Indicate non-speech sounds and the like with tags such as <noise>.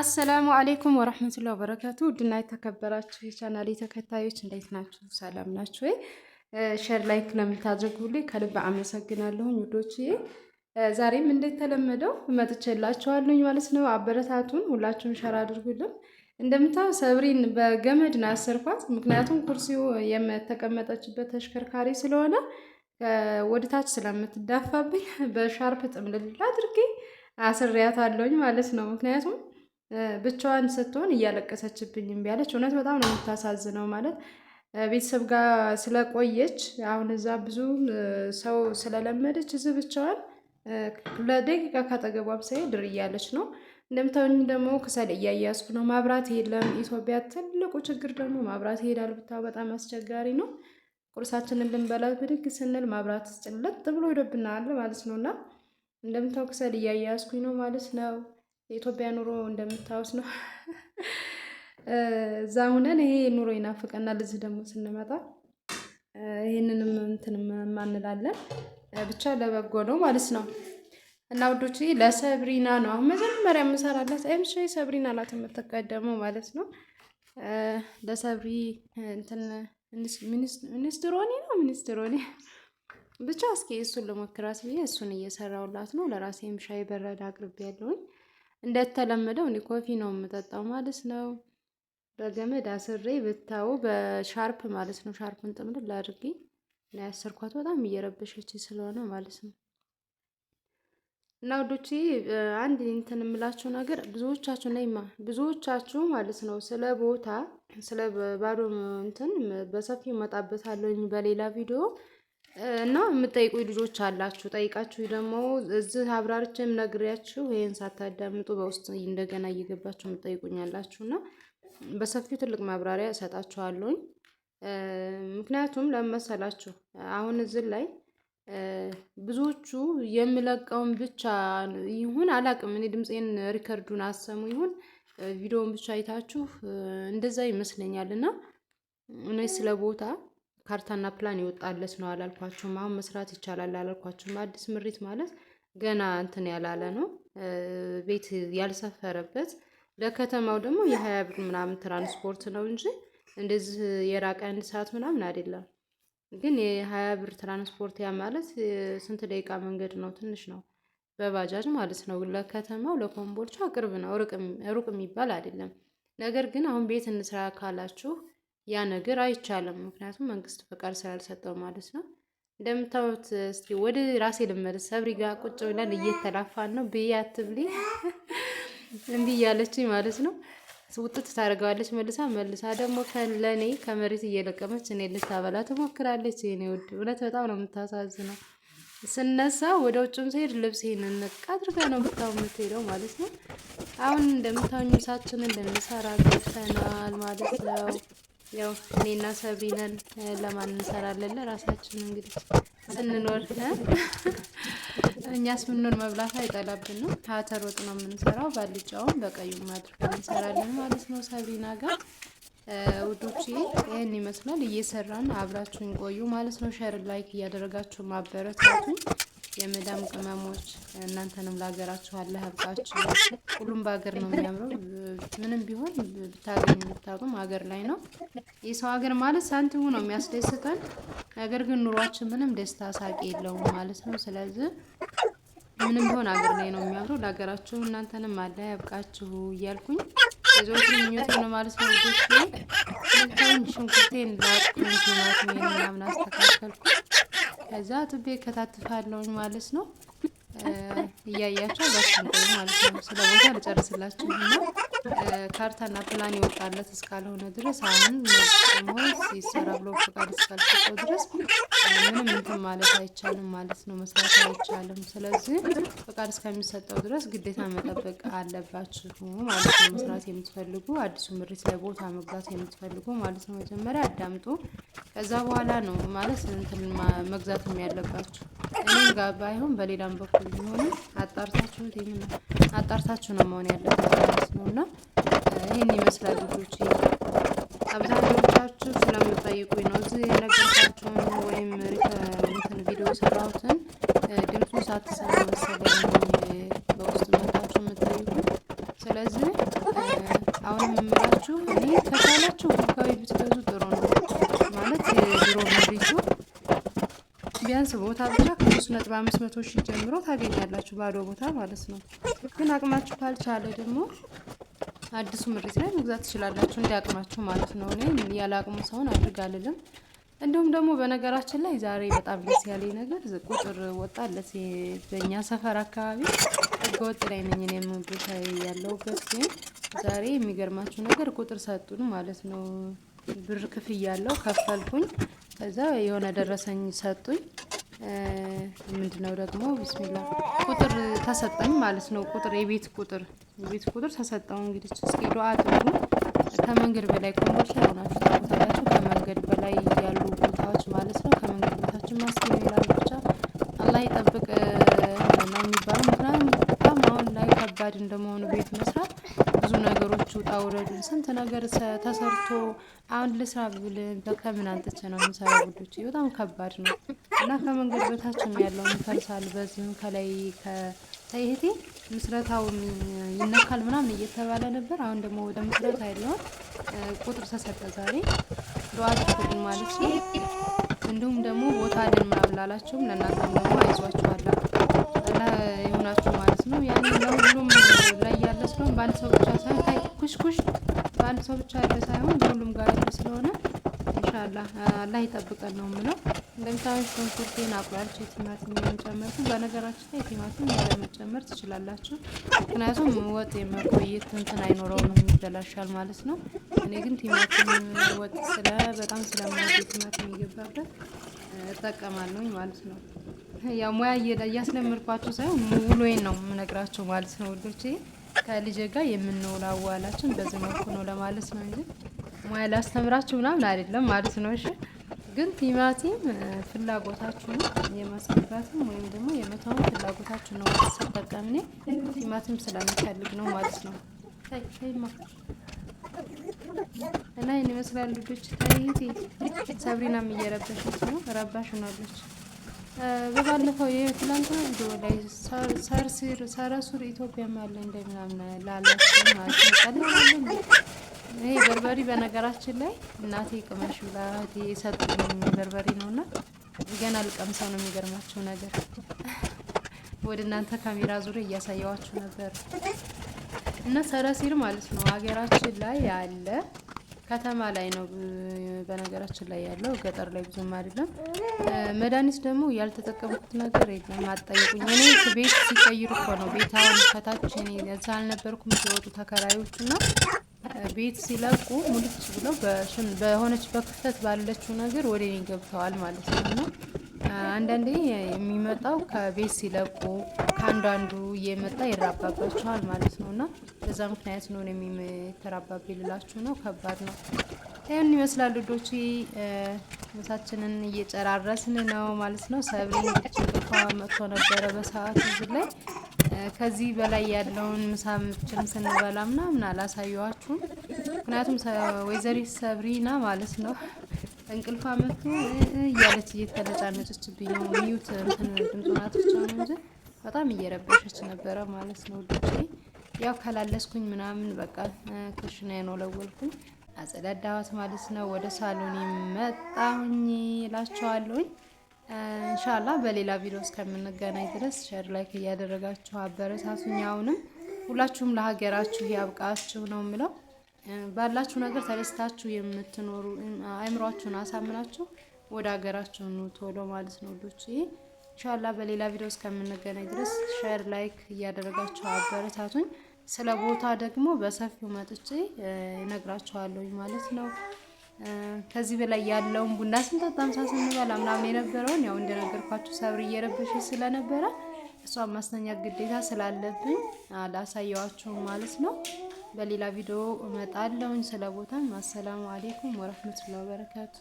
አሰላሙ አሌይኩም ወረህመቱላሂ ወበረካቱ ውድና የተከበራችሁ የቻናሌ ተከታዮች እንዴት ናችሁ? ሰላም ናችሁ ወይ? ሼር ላይክ ለምታደርጉልኝ ከልብ አመሰግናለሁኝ ውዶች። ዛሬም እንደተለመደው መጥቼላችኋለሁኝ ማለት ነው። አበረታቱን፣ ሁላችሁም ሸር አድርጉልን። እንደምታው ሰብሪን በገመድ ነው ያሰርኳት። ምክንያቱም ኩርሲው የተቀመጠችበት ተሽከርካሪ ስለሆነ ወደታች ስለምትዳፋብኝ በሻርፕ ጥምልል አድርጌ አስሬያታለሁኝ ማለት ነው ምክንያቱም ብቻዋን ስትሆን እያለቀሰችብኝ እምቢ አለች። እውነት በጣም ነው የምታሳዝነው። ማለት ቤተሰብ ጋር ስለቆየች አሁን እዛ ብዙ ሰው ስለለመደች እዚህ ብቻዋን ለደቂቃ ካጠገቧም ሳይሄድ ድር እያለች ነው። እንደምታዩኝ ደግሞ ክሰል እያያዝኩ ነው። ማብራት የለም። ኢትዮጵያ ትልቁ ችግር ደግሞ ማብራት ይሄዳል። ብታ በጣም አስቸጋሪ ነው። ቁርሳችንን ልንበላ ብድግ ስንል ማብራት ጭለጥ ብሎ ሄዶብናል ማለት ነው እና እንደምታው ክሰል እያያዝኩኝ ነው ማለት ነው። የኢትዮጵያ ኑሮ እንደምታወስ ነው። <laughs> እዛ ሁነን ይሄ ኑሮ ይናፍቀናል። እዚህ ደግሞ ስንመጣ ይህንንም እንትን ማንላለን ብቻ ለበጎ ነው ማለት ነው። እና ውዶች ለሰብሪና ነው አሁን መጀመሪያ የምሰራላት ኤምሽ ሰብሪና ላት የምትቀደመው ማለት ነው። ለሰብሪ ሚኒስትሮኒ ነው ሚኒስትሮኒ ብቻ እስኪ እሱን ልሞክራት ብዬ እሱን እየሰራውላት ነው። ለራሴም ሻይ በረድ አቅርቤ ያለውኝ እንደተለመደው እኔ ኮፊ ነው የምጠጣው ማለት ነው። በገመድ አስሬ ብታው በሻርፕ ማለት ነው። ሻርፕን ጥምድል አድርጌ እና ያሰርኳት በጣም እየረበሸች ስለሆነ ማለት ነው። እና ወዶቼ አንድ እንትን የምላችሁ ነገር ብዙዎቻችሁ ነይማ ብዙዎቻችሁ ማለት ነው ስለ ቦታ ስለ ባዶ እንትን በሰፊው እመጣበታለሁኝ በሌላ ቪዲዮ እና የምጠይቁ ልጆች አላችሁ። ጠይቃችሁ ደግሞ እዚህ አብራርቼም ነግሬያችሁ ይህን ሳታዳምጡ በውስጥ እንደገና እየገባችሁ የምጠይቁኝ አላችሁ እና በሰፊው ትልቅ ማብራሪያ እሰጣችኋለሁኝ። ምክንያቱም ለመሰላችሁ አሁን እዚህ ላይ ብዙዎቹ የምለቀውን ብቻ ይሁን አላቅም፣ እኔ ድምፄን ሪከርዱን አሰሙ ይሁን ቪዲዮውን ብቻ አይታችሁ እንደዛ ይመስለኛል እና እኔ ስለ ቦታ ካርታና ፕላን ይወጣለች ነው አላልኳችሁም? አሁን መስራት ይቻላል አላልኳችሁም? አዲስ ምሪት ማለት ገና እንትን ያላለ ነው ቤት ያልሰፈረበት። ለከተማው ደግሞ የሀያ ብር ምናምን ትራንስፖርት ነው እንጂ እንደዚህ የራቀ አንድ ሰዓት ምናምን አይደለም። ግን የሀያ ብር ትራንስፖርት ያ ማለት ስንት ደቂቃ መንገድ ነው? ትንሽ ነው በባጃጅ ማለት ነው። ለከተማው ለኮምቦልቻ ቅርብ ነው፣ ሩቅ የሚባል አይደለም። ነገር ግን አሁን ቤት እንስራ ካላችሁ ያ ነገር አይቻልም። ምክንያቱም መንግስት ፈቃድ ስላልሰጠው ማለት ነው። እንደምታዩት እስኪ ወደ ራሴ ልመለስ። ሰብሪ ጋ ቁጭ ብለን እየተላፋን ነው። ብዬ አትብሌ <laughs> እንዲህ እያለችኝ ማለት ነው። ውጥት ታደርገዋለች መልሳ መልሳ ደግሞ ለእኔ ከመሬት እየለቀመች እኔ ልታበላ ትሞክራለች። ኔ ውድ እውነት በጣም ነው የምታሳዝነው። ስነሳ ወደ ውጭም ስሄድ ልብሴን እንቅ አድርጋ ነው ብታው የምትሄደው ማለት ነው። አሁን እንደምታዩኝ ምሳችንን ልንሰራ ገብተናል ማለት ነው። ያው እኔና ሰቢነን ለማን እንሰራለን? ራሳችን እንግዲህ እንኖር እኛስ ምንኖር መብላት አይጠላብን ነው። ታተር ወጥ ነው የምንሰራው። ባልጫውን በቀዩ አድርገን እንሰራለን ማለት ነው ሰቢና ጋር ውዶቼ ይህን ይመስላል። እየሰራን አብራችሁን ቆዩ ማለት ነው። ሸር ላይክ እያደረጋችሁ ማበረታቱኝ የመዳም ቅመሞች እናንተንም ለሀገራችሁ አለ ሀብታችሁ። ሁሉም በሀገር ነው የሚያምረው። ምንም ቢሆን ብታገኙ ብታጡም ሀገር ላይ ነው። የሰው ሀገር ማለት ሳንቲሙ ነው የሚያስደስተን። ነገር ግን ኑሯችን ምንም ደስታ ሳቂ የለውም ማለት ነው። ስለዚህ ምንም ቢሆን ሀገር ላይ ነው የሚያምረው። ለሀገራችሁ እናንተንም አለ ያብቃችሁ እያልኩኝ የዞች ምኞት ነው ማለት ነው። ልጆች ሽንኩርቴን ላቁ ምናምን አስተካከልኩ። ከዛ አጥቤ ከታትፋለሁ ማለት ነው። እያያቸው ባሽንቆ ማለት ነው። ስለ ቦታ ልጨርስላችሁ ነው። ካርታና ፕላን ይወጣለት እስካልሆነ ድረስ አሁን ሞስ ሲሰራ ብሎ ፈቃድ እስካልሰጠው ድረስ ምንም እንትን ማለት አይቻልም ማለት ነው፣ መስራት አይቻልም። ስለዚህ ፈቃድ እስከሚሰጠው ድረስ ግዴታ መጠበቅ አለባችሁ ማለት ነው። መስራት የምትፈልጉ አዲሱ ምሪት ላይ ቦታ መግዛት የምትፈልጉ ማለት ነው፣ መጀመሪያ አዳምጡ። ከዛ በኋላ ነው ማለት እንትን መግዛትም ያለባችሁ። እኔም ጋር ባይሆን በሌላም በኩል ቢሆንም አጣርታችሁ አጣርታችሁ ነው መሆን ያለበት ማለት ነው። እና ይህን ይመስላል ልጆች። አብዛኞቻችሁ ስለምጠይቁ ነው እዚህ የነገርኳቸውን ወይም እንትን ቪዲዮ ሰራሁትን ድምፁን ሳትሰራ መሰለኝ በውስጥ መታችሁ የምጠይቁ። ስለዚህ አሁን የምላችሁ እኔ ከቻላችሁ ህጋዊ ብትገዙ ጥሩ ነው ማለት የድሮ ሪቱ ቢያንስ ቦታ ብቻ ከሶስት ነጥብ አምስት መቶ ሺህ ጀምሮ ታገኛላችሁ ባዶ ቦታ ማለት ነው። ግን አቅማችሁ ካልቻለ ደግሞ አዲሱ ምሪት ላይ መግዛት ትችላላችሁ፣ እንዲያቅማችሁ ማለት ነው። እኔ ያለ አቅሙ ሰውን አድርጋልልም። እንዲሁም ደግሞ በነገራችን ላይ ዛሬ በጣም ደስ ያለኝ ነገር ቁጥር ወጣለት በእኛ ሰፈር አካባቢ ህገወጥ ላይ ነኝ እኔም ቦታ ግን ዛሬ የሚገርማችሁ ነገር ቁጥር ሰጡን ማለት ነው። ብር ክፍያ ያለው ከፈልኩኝ ከዛ የሆነ ደረሰኝ ሰጡኝ። ምንድነው ደግሞ ቢስሚላ ቁጥር ተሰጠኝ ማለት ነው። ቁጥር የቤት ቁጥር የቤት ቁጥር ተሰጠው። እንግዲህ እስኪ ዱዓ አድርጉ። ከመንገድ በላይ ኮምቦልቻ ሆናችሁ ታውቁታላችሁ። ከመንገድ በላይ ያሉ ቦታዎች ማለት ነው። ከመንገድ ቦታችን ማስኪ ይላል። ብቻ አላህ ይጠብቅ ነው የሚባለው። ምክንያቱም በጣም አሁን ላይ ከባድ እንደመሆኑ ቤት መስራት ብዙ ነገሮች ውጣ ውረዱ፣ ስንት ነገር ተሰርቶ አሁን ልስራ ብል ከምን አንጥቼ ነው የምሰራ? ጉዶች በጣም ከባድ ነው እና ከመንገድ በታችም ያለው ይፈርሳል። በዚህም ከላይ ከይህቴ ምስረታው ይነካል ምናምን እየተባለ ነበር። አሁን ደግሞ ወደ ምስረት አይለውን ቁጥር ተሰጠ ዛሬ ዱዓ ማለት ነው። እንዲሁም ደግሞ ቦታ ልን ምናምን ላላችሁም ለእናንተም ደግሞ አይዟችኋል። ይሆናችሁ ማለት ነው። ያን ለሁሉም ላይ ያለ ስለሆን በአንድ ሰው ብቻ ሳይሆን ኩሽኩሽ በአንድ ሰው ብቻ ያለ ሳይሆን ሁሉም ጋር ያለ ስለሆነ ኢንሻአላህ አላህ ይጠብቀን ነው የምለው። እንደምታዩት ሽንኩርቴን አቁላልቼ ቲማቲሜን ጨመርኩ። በነገራችን ላይ ቲማቲም ያለመጨመር ትችላላችሁ፣ ምክንያቱም ወጥ የመቆየት እንትን አይኖረውም ይበላሻል ማለት ነው። እኔ ግን ቲማቲም ወጥ ስለ በጣም ስለማይወድ ቲማቲም የገባበት እጠቀማለሁኝ ማለት ነው። ያው ሙያ እያስለምርኳቸው ሳይሆን ውሎዬን ነው የምነግራቸው ማለት ነው ወዶቼ። ከልጅ ጋር የምንውል አዋላችን በዚህ መልኩ ነው ለማለት ነው እንጂ ሙያ ላስተምራችሁ ምናምን አይደለም ማለት ነው። እሺ ግን ቲማቲም ፍላጎታችሁ የማስገባትም ወይም ደግሞ የመታውን ፍላጎታችሁ ነው ስጠቀምኔ ቲማቲም ስለሚፈልግ ነው ማለት ነው። እና ይህን ይመስላል ልጆች። ሰብሪናም እየረበሸች ነው ረባሽ ሆናለች። በባለፈው የትላንትና ቪዲዮ ላይ ሰርሲር ሰረሱር ኢትዮጵያ ያለ እንደምናምን ላላችሁ ይሄ በርበሪ በነገራችን ላይ እናቴ ቅመሽ ብላ የሰጡኝ በርበሪ ነው እና ገና ልቀምሰው ነው የሚገርማቸው ነገር ወደ እናንተ ካሜራ ዙሪያ እያሳየዋችሁ ነበር እና ሰረሲር ማለት ነው ሀገራችን ላይ ያለ ከተማ ላይ ነው በነገራችን ላይ ያለው፣ ገጠር ላይ ብዙም አይደለም። መድኃኒት ደግሞ ያልተጠቀምኩት ነገር የለም። አጠይቁኝ። እኔ ቤት ሲቀይሩ እኮ ነው ቤታውን ከታች እዛ አልነበርኩም ሲወጡ ተከራዮቹ ና ቤት ሲለቁ ሙልች ብለው በሆነች በክፍተት ባለችው ነገር ወደ እኔ ገብተዋል ማለት ነው እና አንዳንዴ የሚመጣው ከቤት ሲለቁ ከአንዳንዱ እየመጣ ይራባባቸዋል ማለት ነው እና በዛ ምክንያት ነው የሚተራባብ ልላችሁ ነው። ከባድ ነው። ይህን ይመስላል ልጆች። ምሳችንን እየጨራረስን ነው ማለት ነው። ሰብሪ ጭልፋ መጥቶ ነበረ በሰዓቱ እዚህ ላይ ከዚህ በላይ ያለውን ምሳችን ስንበላ ምናምን አላሳየዋችሁም። ምክንያቱም ወይዘሪት ሰብሪና ማለት ነው እንቅልፏ መጥቶ እያለች እየተለጫነጨችብኝ ነው። ሚዩት ድምጽ ነው እንጂ በጣም እየረበሸች ነበረ ማለት ነው ልጆቼ ያው ከላለስኩኝ ምናምን በቃ ክሽና ነው ለወልኩኝ አጸዳዳዋት ማለት ነው። ወደ ሳሎን መጣሁኝ እላችኋለሁኝ። እንሻላ በሌላ ቪዲዮ እስከምንገናኝ ድረስ ሸር ላይክ እያደረጋችሁ አበረታቱኝ። አሁንም ሁላችሁም ለሀገራችሁ ያብቃችሁ ነው የምለው። ባላችሁ ነገር ተደስታችሁ የምትኖሩ አይምሯችሁን አሳምናችሁ ወደ ሀገራችሁ ኑ ቶሎ ማለት ነው ዶች ይሄ እንሻላ በሌላ ቪዲዮ እስከምንገናኝ ድረስ ሸር ላይክ እያደረጋችሁ አበረታቱኝ። ስለ ቦታ ደግሞ በሰፊው መጥቼ እነግራችኋለሁኝ ማለት ነው። ከዚህ በላይ ያለውን ቡና ስንጠጣ ምሳ ስንበላ ምናምን የነበረውን ያው እንደነገርኳችሁ ሰብር እየረበሽ ስለነበረ እሷን ማስተኛት ግዴታ ስላለብኝ አላሳየዋችሁም ማለት ነው። በሌላ ቪዲዮ እመጣለሁኝ ስለ ቦታም። አሰላሙ አሌይኩም ወረህመቱላሂ ወበረካቱ